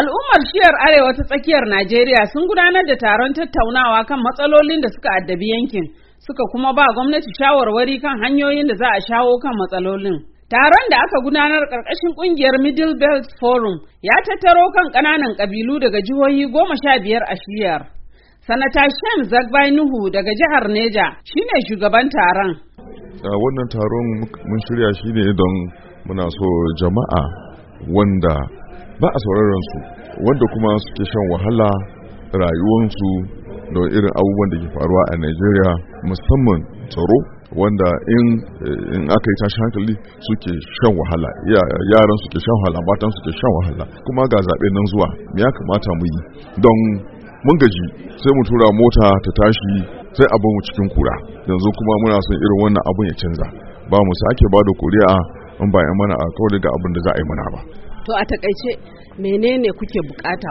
Al'ummar shiyar Arewa ta tsakiyar Najeriya sun gudanar da taron tattaunawa kan matsalolin da suka addabi yankin, suka kuma ba gwamnati shawarwari kan hanyoyin da za a shawo kan matsalolin. Taron da aka gudanar ƙarƙashin ƙungiyar Middle Belt Forum ya tattaro kan ƙananan ƙabilu daga jihohi goma sha biyar a shiyar. Sanata Shem Zagbai Nuhu daga jihar Neja shine shugaban taron. A wannan taron mun shirya shi ne don muna so jama'a wanda ba a sauraron su wanda kuma suke shan wahala rayuwarsu da irin abubuwan da ke faruwa a Najeriya musamman tsaro wanda in aka yi tashi hankali suke shan wahala yaran suke shan wahala matan suke shan wahala kuma ga zaɓe nan zuwa me ya kamata mu yi don mun gaji sai mu tura mota ta tashi sai abin mu cikin kura yanzu kuma muna son irin wannan abun ya canza ba mu sake ba da kuri'a in ba mana a kawai ga abin da za a yi mana ba to a takaice menene kuke bukata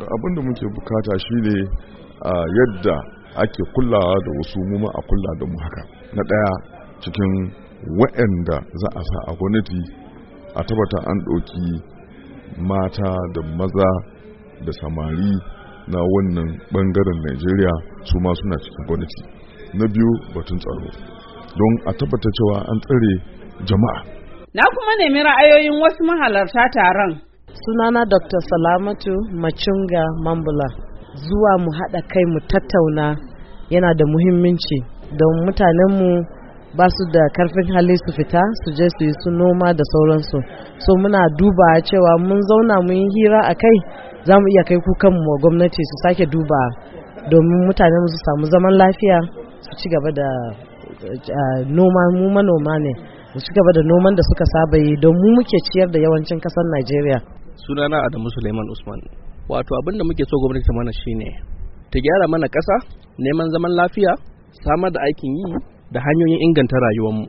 abin da muke bukata shine a yadda ake kullawa da wasu mu a kulla da mu haka na daya cikin waɗanda za a sa a gwamnati a tabbata an ɗauki mata da maza da samari na wannan bangaren Najeriya su ma suna cikin gwamnati na biyu batun tsaro don a tabbata cewa an tsare jama'a Na kuma nemi ra'ayoyin wasu mahalarta taron. Sunana Dr. Salamatu Machunga Mambula. Zuwa mu haɗa kai mu tattauna yana da muhimmanci don mutanenmu ba su da karfin hali su fita su je su yi su noma da sauransu so muna duba cewa mun zauna mun yi hira a kai za mu iya kai kukanmu wa gwamnati su sake duba domin mutane su samu zaman lafiya su ci gaba da eh, noma mu manoma ne mu ci gaba da noman da suka saba yi don mu muke ciyar da yawancin kasar Najeriya. Sunana Adamu Suleiman Usman. Wato abin da muke so gwamnati mana shi ne. ta gyara mana kasa neman zaman lafiya, samar da aikin yi da hanyoyin inganta rayuwar mu.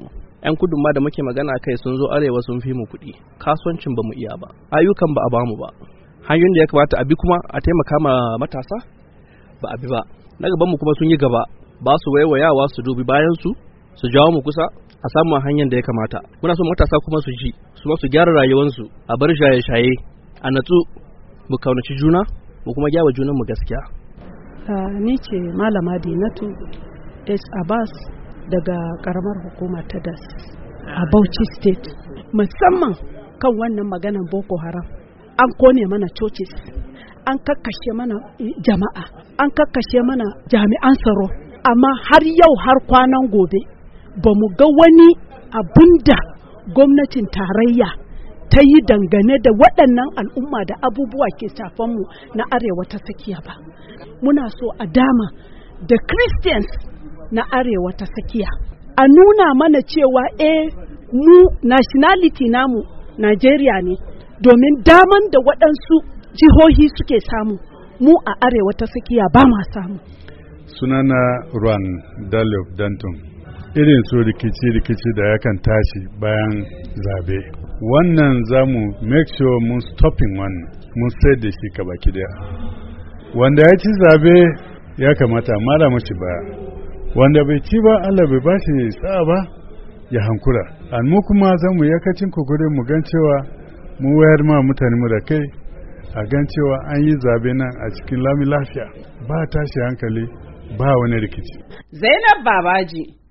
'Yan kudu ma da muke magana kai sun zo arewa sun fi mu kuɗi, kasuwancin ba mu iya ba, ayyukan ba a ba mu ba. Hanyoyin da ya kamata a bi kuma a taimaka ma matasa ba a bi ba. Na mu kuma sun yi gaba, ba su waiwayawa su dubi bayan su su jawo mu kusa, a samu a hanyar da ya kamata muna so matasa kuma su ji su ma su gyara rayuwarsu a bar shaye-shaye a natsu mu kaunaci juna mu kuma gyara junanmu gaskiya ni ce malama dinatu s abbas daga karamar hukuma ta das a bauchi state musamman kan wannan maganan boko haram an kone mana cocis an kakkashe mana eh, jama'a an kakkashe mana jami'an tsaro amma har yau har kwanan gobe ba mu ga wani abun da gwamnatin tarayya ta yi dangane da waɗannan al'umma da abubuwa ke mu na arewa ta tsakiya ba muna so a dama da christians na arewa ta tsakiya a nuna mana cewa eh mu nationality namu Najeriya ne domin daman da waɗansu jihohi suke samu mu a arewa ta tsakiya ba ma samu sunana ruwan dalib dantum irin su rikici-rikici da yakan tashi bayan zabe wannan za mu make sure mun stopping wannan mun sai da shi baki daya wanda ya ci zabe ya kamata mara mace baya wanda bai ci ba allah bai bashi sa'a ba ya hankura an mu kuma za mu yakacin kokarin mu gan cewa mu wayar ma mutane mu da kai a gan cewa an yi zabe nan a cikin lami lafiya ba tashi hankali ba wani rikici zainab babaji